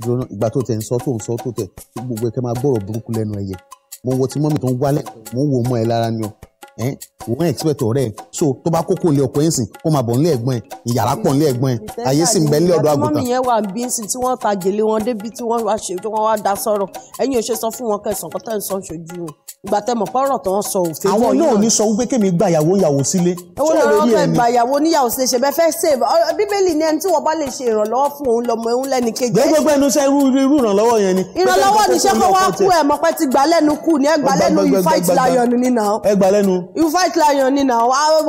dúró náà ìgbà tó tẹ̀ ń sọ tó ń sọ tó tẹ̀ gbogbo ẹ̀kẹ́ máa gbọ́rọ̀ burúkú lẹ́nu ẹ̀yẹ mo wo ti mọ́mì tó ń wálẹ̀ mo ń wo ọmọ ẹ lára ni ọ ẹ ẹ̀ expect ọ̀rẹ́ ẹ so tó bá kókó lé ọkọ ẹ̀ sìn kó máa bọ̀ nílé ẹ̀gbọ́n ẹ̀ ìyàrá pọ̀ nílé ẹ̀gbọ́n ẹ̀ ayé sì ń bẹ nílé ọ̀dọ́ àgùntàn. mọ́mì yẹn wà bí ń sìn tí wọ́n ta gèlè wọn débi tí wọ́n wá da sọ̀rọ̀ ẹ̀yin ò ṣe sọ fún wọn kẹsàn-án kọ́tà ń sọ ṣojú o ìgbà tẹ mọ̀ pọ́rọ̀ tó ń sọ òfin. àwọn náà ní sọ wípé kémi gba ìyàwó ìyàwó sílé. owó náà wọn fẹ́ gba ìyàwó níyàwó sílé ṣe bẹ́ẹ̀ fẹ́ save bíbélì ní ẹni tí wọ́n bá lè ṣe ìrànlọ́wọ́ fún òun lọ́mọ òun lẹ́ni kejì. gbẹgbẹgbẹ inú sẹ irú irú ìrànlọ́wọ́ yẹn ni. ìrànlọ́wọ́ ni ṣé kó wá kú ẹ mọ̀ pé ti gbà lẹ́nu kù ni ẹ gbà lẹ́nu you fight lion ni na. Ah, ẹ gbà lẹ́nu. you fight lion ni na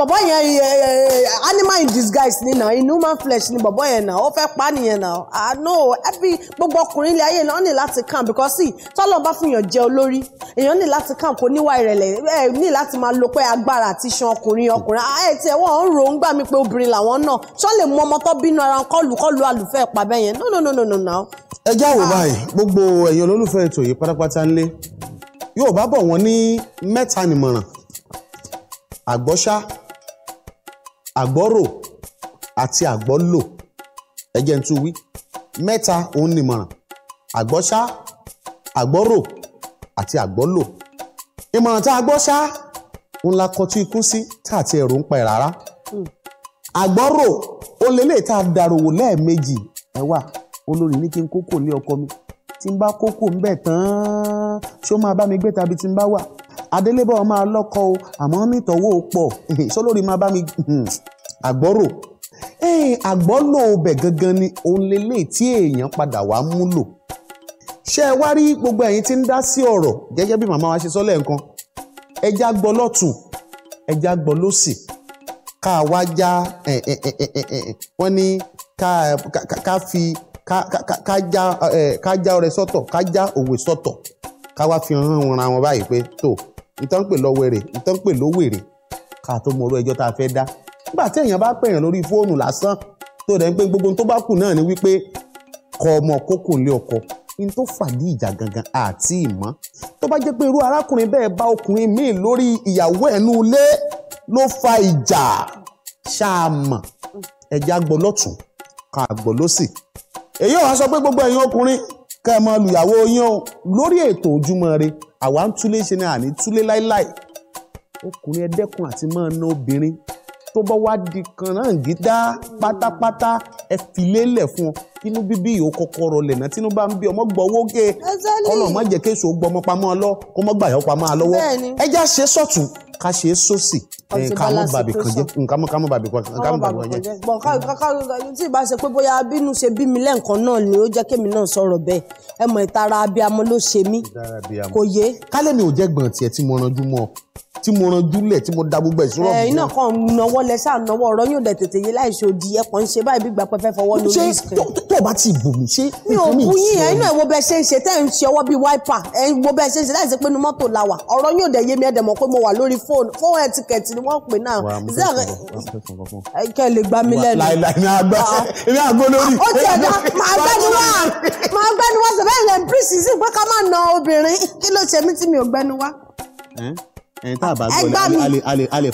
bọ̀bọ̀ yẹn eh, eh, animal in disguise ni na in human flesh ni bọ̀bọ̀ yẹn na ó fẹ́ pa nìyẹn na ah no every gbogbo ọkùnrin ilé ayé náà ní láti kàn because see tọ́lọ́ bá fún yàn jẹ́ olórí èèyàn ní láti kàn kàn kó níwà ìrẹ̀lẹ̀ ẹ ní láti máa lo pé agbára àti iṣan ọkùnrin ọkùnrin ah, ẹ tiẹ̀ wọ́n ń ro ń gbà mí pé obìnrin làwọn náà ṣọ́ lè mú ọmọ tó bínú ara kọ́lù kọ́lù àlùfẹ́ pa bẹ́ẹ̀ yẹn no no no no no now. ẹ já wò ah. báyìí gbogbo ẹ̀yin olólùfẹ́ ètò yìí pátápátá ńlé yóò bá bọ̀ wọ́n ní mẹ́ta nìmọ̀ràn àgbọ́ṣá àgbọ́rò àti àgbọ́lò ẹ jẹ́ n tún wí mẹ́ta òun àgbọ́ṣá àgbọ́rò àti àgbọ́lò ìmọ̀ràn tá a gbọ́ ṣá ń la kọtú ikú sí tá àti ẹ̀rù ń pa ẹ̀ rárá àgbọ́rò ó lè lè tá a dàròwò lẹ́ẹ̀mejì ẹ wà olórí ní kí n kókò lé ọkọ mi tí n bá kókò ń bẹ̀ tán ṣé ó máa bá mi gbé tàbí tí n bá wà adélébọ̀ máa lọ́kọ o àmọ́ nítọ́wọ́ pọ̀ sólórí máa bá mi àgbọ́rò àgbọ́lò ọbẹ̀ gangan ni òun lè lè tí èèyàn padà wàá múlò ṣé ẹ wá rí gbogbo ẹ̀yin tí ń dá sí ọ̀rọ̀ gẹ́gẹ́ bí màmá wa ṣe sọ lẹ́ẹ̀kan ẹja gbọ́ lọ́tún ẹja gbọ́ lọ́sì ká wá já wọ́n ní ká fi ká já ọrẹ sọ́tọ̀ ká já òwe sọ́tọ̀ ká wá fi hàn wọn ra wọn báyìí pé tó ìtàn pè lọ wèrè ìtàn pè ló wèrè ká tó mọ orú ẹjọ́ tá a fẹ́ dá nígbà tí èèyàn bá pèèyàn lórí fóònù lásán tó dẹ̀ ń pé gbogbo tó bá kù náà ni wípé kọ ọmọ kókò lé ọkọ n tó fàdí ìjà gangan àti ìmọ̀ tó bá jẹ́ pé irú arákùnrin bẹ́ẹ̀ bá ọkùnrin míì lórí ìyàwó ẹ̀nu ilé ló fa ìjà ṣáàmà ẹ̀já gbọ́ lọ́tún ká gbọ́ lọ́sì èyí ò wá sọ pé gbogbo ẹ̀yin ọkùnrin kẹ́ ẹ mọ lùyàwó yín o lórí ètò Ojúmọ́ Ire àwa ń túlé ṣe ni àní túlé láíláí ọkùnrin ẹ̀dẹ́kun àti máa ná obìnrin tó bá wá di kan náà gídá pátápátá ẹ fi lélẹ̀ fún ọ inú bíbí yìí ó rọlẹ̀ náà tínú bá ń bí ọmọ gbọ́wọ́ gé Ọlọ́run má jẹ́ kéṣù ó gbọmọ pamọ́ lọ kó mọ́ gbàyọ́ pamọ́ lọ́wọ́ ẹ já ṣe sọ̀tún ká ṣe sósì nǹkan bàbí kan jẹ nǹkan mú bàbí kan jẹ. nǹkan bàbí kan jẹ. bọ̀ ká ká tí ì ṣe pé bóyá bínú ṣe bí mi lẹ́ǹkan náà ni ó jẹ́ kémi náà sọ̀rọ̀ bẹ́ẹ̀ ẹ mọ̀ ìtara abiyamọ ló ṣe mí kò yé. kálẹ̀ mi ò jẹ́ gbọ̀n tiẹ̀ tí mo ranjú mọ́ ọ tí mo ran júlẹ̀ tí mo da gbogbo ẹ̀ sọ́rọ̀ bí. Eh, iná kan náwó lẹ́sà náwó ọ̀rọ̀ yóò dẹ̀ tètè yé láì ṣe òdì ẹ̀pọ̀ ń ṣe báyìí bí gbapẹ́ fẹ́ fọwọ́ lórí ìsìn. tó o bá ti bò mí ṣé. mi ò bu yín ẹ inú ẹ wo bẹ ṣe ń ṣe tẹ́ ẹ ń ṣe ọwọ́ bíi wáìpà ẹ wo bẹ ṣe ń ṣe láì ṣe pé inú mọ́tò la wà ọ̀rọ̀ yóò dẹ̀ yé mi ẹ̀dẹ̀ mọ̀ pé mo wà lórí fóònù fóònù ẹtikẹ̀tì ni wọ́n pè náà. kẹ́ ẹ lè gbá mi lẹ́nu. láìláì ní agbá ah, ah. ní agbó lórí. ó ti ẹ̀dá máa gbẹ́nu wá máa gbẹ́nu wá sọ bẹ́ẹ̀ lẹ́ńpírìsì sí pé ká má na obìnrin kí ló ṣe mí tí mi ẹni tá a bá gbọ́ alẹ́ alẹ́ alẹ́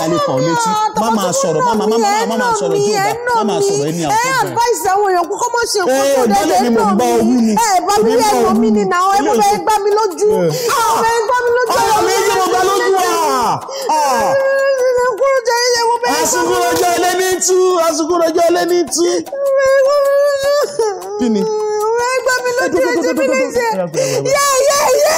alẹ́ fọ̀ létí má máa sọ̀rọ̀ má máa má máa sọ̀rọ̀ tí o bá má máa sọ̀rọ̀ ẹni àkójọ. ẹ advice àwọn èèyàn kókó mọ̀ ṣe nǹkan eh, tó dẹ́gbẹ́ eh, mi mọ̀ mi ẹ bá mi rí ẹ̀rọ mi nì náà ẹ mọ̀ bẹ́ẹ̀ gbá mi lójú eh. ah, ẹ gbá mi lójú ọ̀rọ̀ ah, mi yóò gbá lójú wa. asukurojọ ah. ilé ní tú asukurojọ ilé ní tú. kí ni. ẹ gbá mi lójú ẹ jẹ́ mi lè ṣe yẹ́yẹ́yẹ́.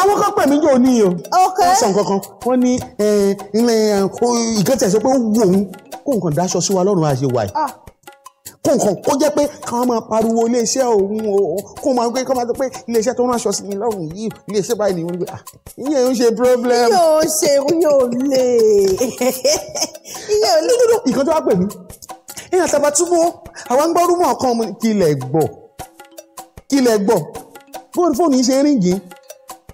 àwọn kan pè yóò ní o wọ́n sọ nǹkan kan wọ́n ní ilé ìkẹtẹ̀ sọ pé ó wù òun kó nǹkan dáṣọ sí wa lọ́rùn àṣewà yìí ah. kó nǹkan kó jẹ́ pé káwọn máa pariwo iléeṣẹ́ òun o kó máa gbé kó máa sọ pé iléeṣẹ́ tó ń ránṣọ sí mi lọ́rùn yìí iléeṣẹ́ báyìí ni wọ́n gbé ah, ìyẹn ń ṣe problem. yóò ṣe yóò lè yóò lè. ìkan tó wá pè mí ìyẹn Àtàbàtúbú àwọn ń kan kí ilẹ̀ gbọ́ kí ilẹ̀ gbọ́ fóònù yìí ṣe ń rìn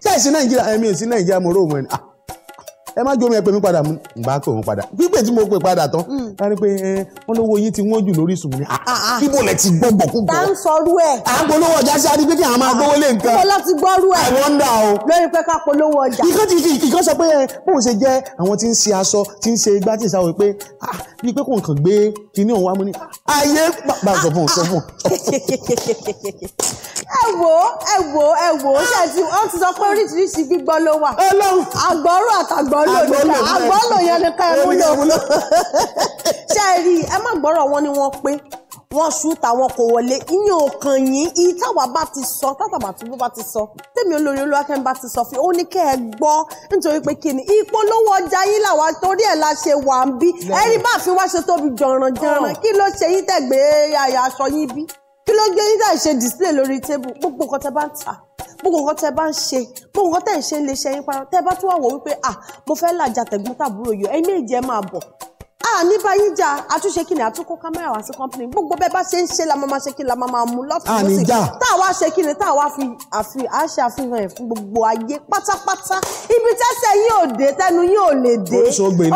ṣáìsì nàìjíríà ẹ̀mí sí nàìjíríà mo rò wọn ni ah, ẹ má jómi ẹ pè mí padà mo bá pè wọn padà pípé tí mo pè padà tán ká hmm. ní pé wọn lówó yín ti wọ́n jù lórí sùn ní kíbo ah, ah, lẹ ti gbọ́ gbọ̀kúgbọ̀. tá ń sọrú ẹ. à ń polówó ọjà sí adé pé kí àwọn máa gbówó lé nǹkan. kíbo láti gbọ́rú ẹ. àwọn ń dà o. lórí pé ká polówó ọjà. ìkan ti fi ìkan sọ pé bóun ṣe jẹ àwọn tí ń ṣe aṣọ tí ń ṣe igbá tí ń sáwọ pé bíi pé kò nǹkan gbé kinní òun wá mú ni. ayé bá a sọ fún un sọ fún un. ẹ wò ẹ wò ẹ wò ṣe ti wọn ti sọ pé oríṣiríṣi gbígbọ́ ló wà àgbọ̀rọ̀ àtàgbọ̀lò nìkan àgbọ̀lò yẹn nìkan ẹ mú lò ṣe rí ẹ má gbọ́rọ̀ wọn ni wọ́n pé wọ́n ṣú tàwọn kò wọlé ìyẹn ò kàn yín iye táwa bá ti sọ tátàbà tó bá ti sọ tèmi olórí olúwakẹ́mi bá ti sọ fún ó ní kẹ́ ẹ gbọ́ nítorí pé kí ni ìpolówó ọjà yín làwa torí ẹ̀ la ṣe wà ń bí ẹ̀rí bá fi wá ṣe tóbi jọ̀ràn jọ̀ràn kí ló ṣe yín tẹ̀gbẹ́ àyà aṣọ yín bí kí ló gbé yín dà ṣe display lórí tébù gbogbo nǹkan tẹ bá ń tà gbogbo nǹkan tẹ bá ń ṣe gbogbo nǹkan tẹ ń ṣe ń lè ṣe yín parọ tẹ bá tún wà wò wípé à mo fẹ́ làjà tẹ̀gbọ́n tàbúrò yọ ẹ̀yin méjì ẹ máa bọ̀ à ní báyìí jà àtúnṣe kí ni àtúnkó kámẹ́rà wá sí kọ́mpìnì gbogbo bẹ́ẹ̀ bá ṣe ń ṣe la máa máa ṣe kí ni la máa máa mú lọ́tùnúsì tá a wá ṣe kí ni tá a wá fi àfi à ṣe àfihàn ẹ̀ fún gbogbo ayé pátápátá ibi tẹ́sẹ̀ yín ò dé tẹ́nu yín ò lè dé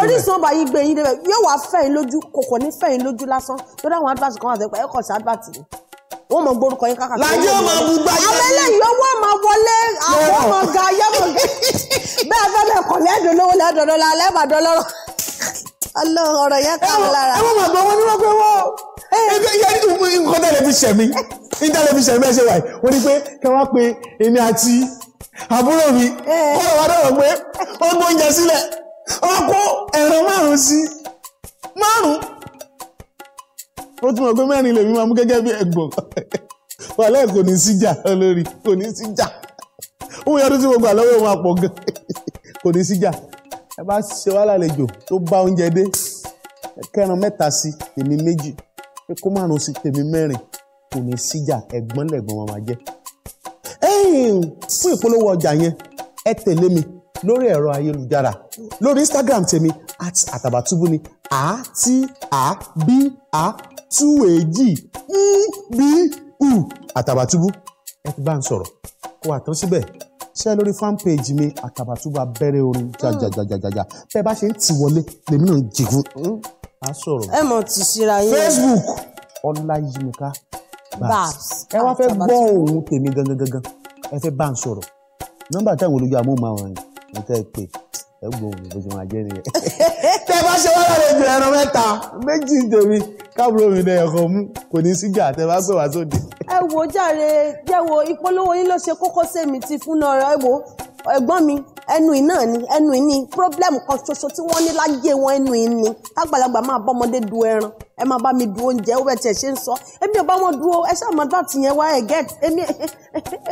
orísun ọba yín gbé yín débẹ̀ yóò wá fẹ́ yín lójú kòkò ní fẹ́ yín lójú lásán lórí àwọn advert kan wà sẹ́pẹ́ ẹ̀kọ́ sí advert yìí wọ́n mọ gbórúkọ yín kákàkiri. láyé ó máa bu gbáyé. àwọn eléyìí owó máa wọlé àwọn ọmọ ga ayé mọ̀ gẹ́. bẹ́ẹ̀ fẹ́ bẹ́ẹ̀ kọ̀ lẹ́dùn lówó lẹ́dùn lọ́la lẹ́bàdàn lọ́rọ̀. ọlọ́run ọ̀rọ̀ yẹn kà mí lára. ẹ wọ́n mọ̀ gbọ́ wọn ní wọ́n pé wọ́n ẹgbẹ́ yẹn nǹkan tẹ́lẹ̀ fi ṣẹ̀mí nǹkan tẹ́lẹ̀ fi ṣẹ̀mí ẹ̀ ṣe wáyé wọ́n ní pé kẹ́ wá pé èmi àti àbúrò mi kọ́lọ̀ wá dọ̀rọ̀ pé wọ́n ó ti mọ̀ pé mẹ́rin lèmi máa mú gẹ́gẹ́ bí ẹ̀gbọ́n wàhálà kò ní síjà lórí kò ní síjà ó yẹ ọdún tí mo gbà lọ́wọ́ òun àpọ̀ gan kò ní síjà ẹ bá ṣe wá lálejò tó bá oúnjẹ dé kẹran mẹ́ta sí tèmi méjì pé kó márùn sí tèmi mẹ́rin kò ní síjà ẹ̀gbọ́n lẹ̀gbọ́n wọn máa jẹ́ fún ìpolówó ọjà yẹn ẹ tẹ̀lé mi lórí ẹ̀rọ ayélujára lórí Instagram tèmi at àtàbàtúbù ni àti àbí a tú èjì bí u àtàbàtúbú ẹ ti bá ń sọ̀rọ̀ kó àtọ́ síbẹ̀ ṣe lórí fan page mi àtàbàtúbú abẹ́rẹ́ orin jajajajaja bẹ́ẹ̀ bá ṣe ń tì wọlé lèmi náà ń jìgún á hmm? sọ̀rọ̀. ẹ mọ̀ ti ṣíra yín. Facebook ọláyímíká babs ẹ wá fẹ́ gbọ́ ohùn tèmi gangan gangan ẹ fẹ́ bá ń sọ̀rọ̀ nọ́mbà táwọn olójú amóhùnmáwòrán ẹ tẹ́ ẹ pè ẹ gbọ́ ohùn bó ṣe máa jẹ́ nìyẹn. tẹ bá ṣe wá lálejò ẹran mẹ́ta méjì ń tèmi káàbùrò mi dẹ̀ ẹ̀kọ́ mú kò ní síjà tẹ bá sọ̀rọ̀ sóde. ẹ wo jàre jẹ́ wo ìpolówó yín ló ṣe kókó sẹ́mi ti fún náà ẹ wo ẹ̀gbọ́n mi ẹnu iná ni ẹnu iní problem kan ṣoṣo tí wọ́n ní láyé wọn ẹnu iní kágbàlagbà máa bá ọmọdé du ẹran ẹ máa bá mi du oúnjẹ ó bẹ tiẹ̀ ṣe ń sọ èmi ò bá wọn dúró ẹ ṣáà máa dàtí yẹn wá ẹ get èmi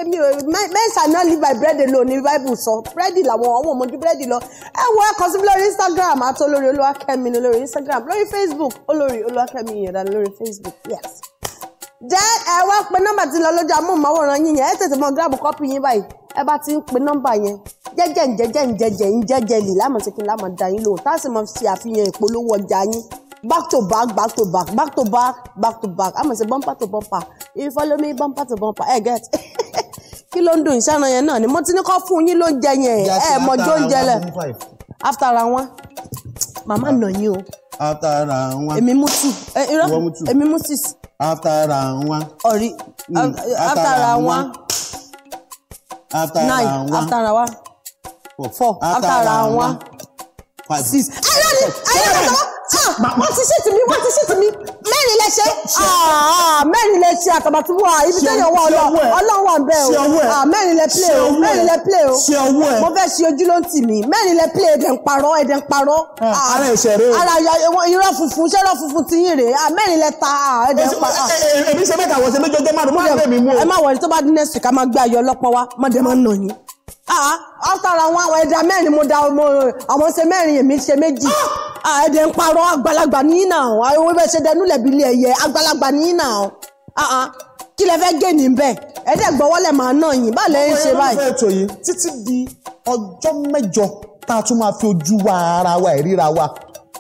èmi ò men shall not live by bread alone ní bible sọ búrẹ́dì làwọn ọmọ ọmọdé búrẹ́dì lọ ẹ wọ ẹ kọ sí mi lórí instagram àti olórí olúwakẹ́mi lórí instagram lórí facebook olórí olúwakẹ́mi yẹn dá lórí facebook yes jẹ́ ẹ wá pé nọ́mbà ti lọ lójú amóhùnmáwòrán yín yẹn ẹ tètè mọ gíráàbù kọ́pì yín báyìí ẹ bá ti ń pe nọ́mbà yẹn jẹ́jẹ́ ǹjẹ́jẹ́ ǹjẹ́jẹ́ ǹjẹ́jẹ́ lè lámọ̀ sí yín lóhùn tá a sì máa ṣe àfihàn ìpolówó ọjà yín back to back back to back back to back back to back àmọ̀ bumper to bumper you follow me bumper to bumper ẹ get kí ló ń dùn ìṣáná yẹn náà ni mo ti ní kọ́ fún yín lóúnjẹ yẹn ẹ mọ̀jọ́ oúnjẹ lẹ̀ after ara wọn màmá nà yín o after àwọn. èmi mú two irọ́ èmi mú six. after àwọn. ọ̀rí hmm, after àwọn nine after rawa four after rawa six. ẹ lọ́ni ẹ lọ́ni tọ́wọ́ wọ́n ti ṣètì mí wọ́n ti ṣètì mí mẹ́rin lẹ ṣe mẹ́rin lẹ ṣe àtàbà tí wọ́n à ibi tẹ́yàn wọ́n lọ ọlọ́run wà bẹ́ẹ̀ o mẹ́rin lẹ play o mẹ́rin lẹ play o mo fẹ́ ṣe ojú ló ń tì mí mẹ́rin lẹ play ẹ̀dẹ̀ ń parọ́ ẹ̀dẹ̀ ń parọ́ ara ìṣẹ̀rẹ́ o ara irọ́ funfun ṣẹ́rọ́ funfun ti yín rèé mẹ́rin lẹ ta ẹ̀dẹ̀ ń parọ́. èmi ṣe mẹ́ta wọ̀ ṣe méjì ọjọ́ márùn-ún mọ́ Ah, after àwọn àwọn ẹ̀dá mẹ́rin mo da àwọn ṣe mẹ́rin èmi ṣe méjì ah! Ah, ẹ̀dẹ̀ ń parọ́ àgbàlagbà ní ìnà àwọn owó bẹ́ẹ̀ ṣe dẹnu lẹ̀bi ilé ẹ̀yẹ àgbàlagbà ní ìnà àwọn kí lẹ fẹ́ gé ní bẹ́ẹ̀ ẹ̀dẹ̀ gbọ́wọ́lẹ̀ máa ná yín bá lẹ́yìn ṣe báyìí. ọ̀rẹ́ ètò yìí títí di ọjọ́ mẹ́jọ tá a tún máa fi ojú wa ara wa ìríra wa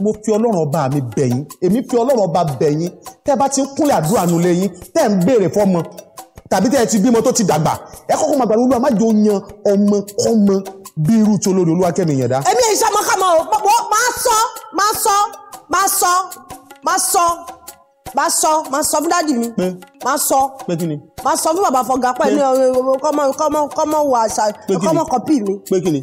mo fi ọlọ́run ọba mi bẹ̀yìn èmi fi ọlọ́run ọba bẹ̀yìn tẹ́ bá ti ń kúnlẹ̀ àdúrà nulẹ̀ yín tẹ́ ń béèrè fọ́mọ tàbí tẹ́ ẹ ti bímọ tó ti dàgbà ẹ kọ́kọ́ máa gbàdúrà má jò yan ọmọ kọ́mọ bí irú tí olórí olúwa yẹn dá. èmi ẹ̀ ṣàmọ́kàmọ́ o máa sọ máa sọ máa sọ máa sọ máa sọ máa sọ fún dáàdì mi máa sọ máa sọ fún bàbá fọgá pẹ̀lú kọ́mọ kọ́mọ kọ́mọ wà àṣà kọ́mọ kọ́pì mi. pé kí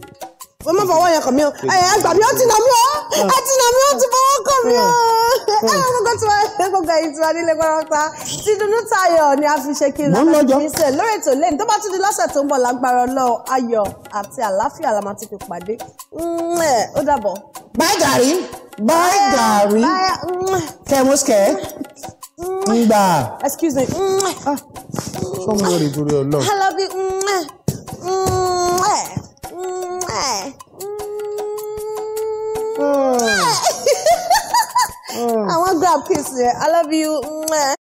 mo máa fọwọ́ yẹn kàn mí o ẹ̀yà ẹgbàá mi ó ti nà mí o àti nàmí ó ti fọwọ́ kàn mí o àwọn hmm. ah, gbogbo tí wọn gbogbo ẹ̀yin tí wọn nílé pẹrọta ti dunu tayọ̀ ni a fi ṣe kí n lọ fi mí sẹ lórí ètò lẹ́yìn tó bá tún di lọ́sẹ̀ tó ń bọ̀ lágbára Ọlọ́run ayọ̀ àti àlàáfíà la máa ti fi pàdé ó dàbọ̀. bye gàrí bye gàrí kẹmúskẹ ngbà. excuse me. sọ́mu yóò rí torí Ọlọ́run. I love you. Oh. I want grab kiss yẹn i love you. Mwah.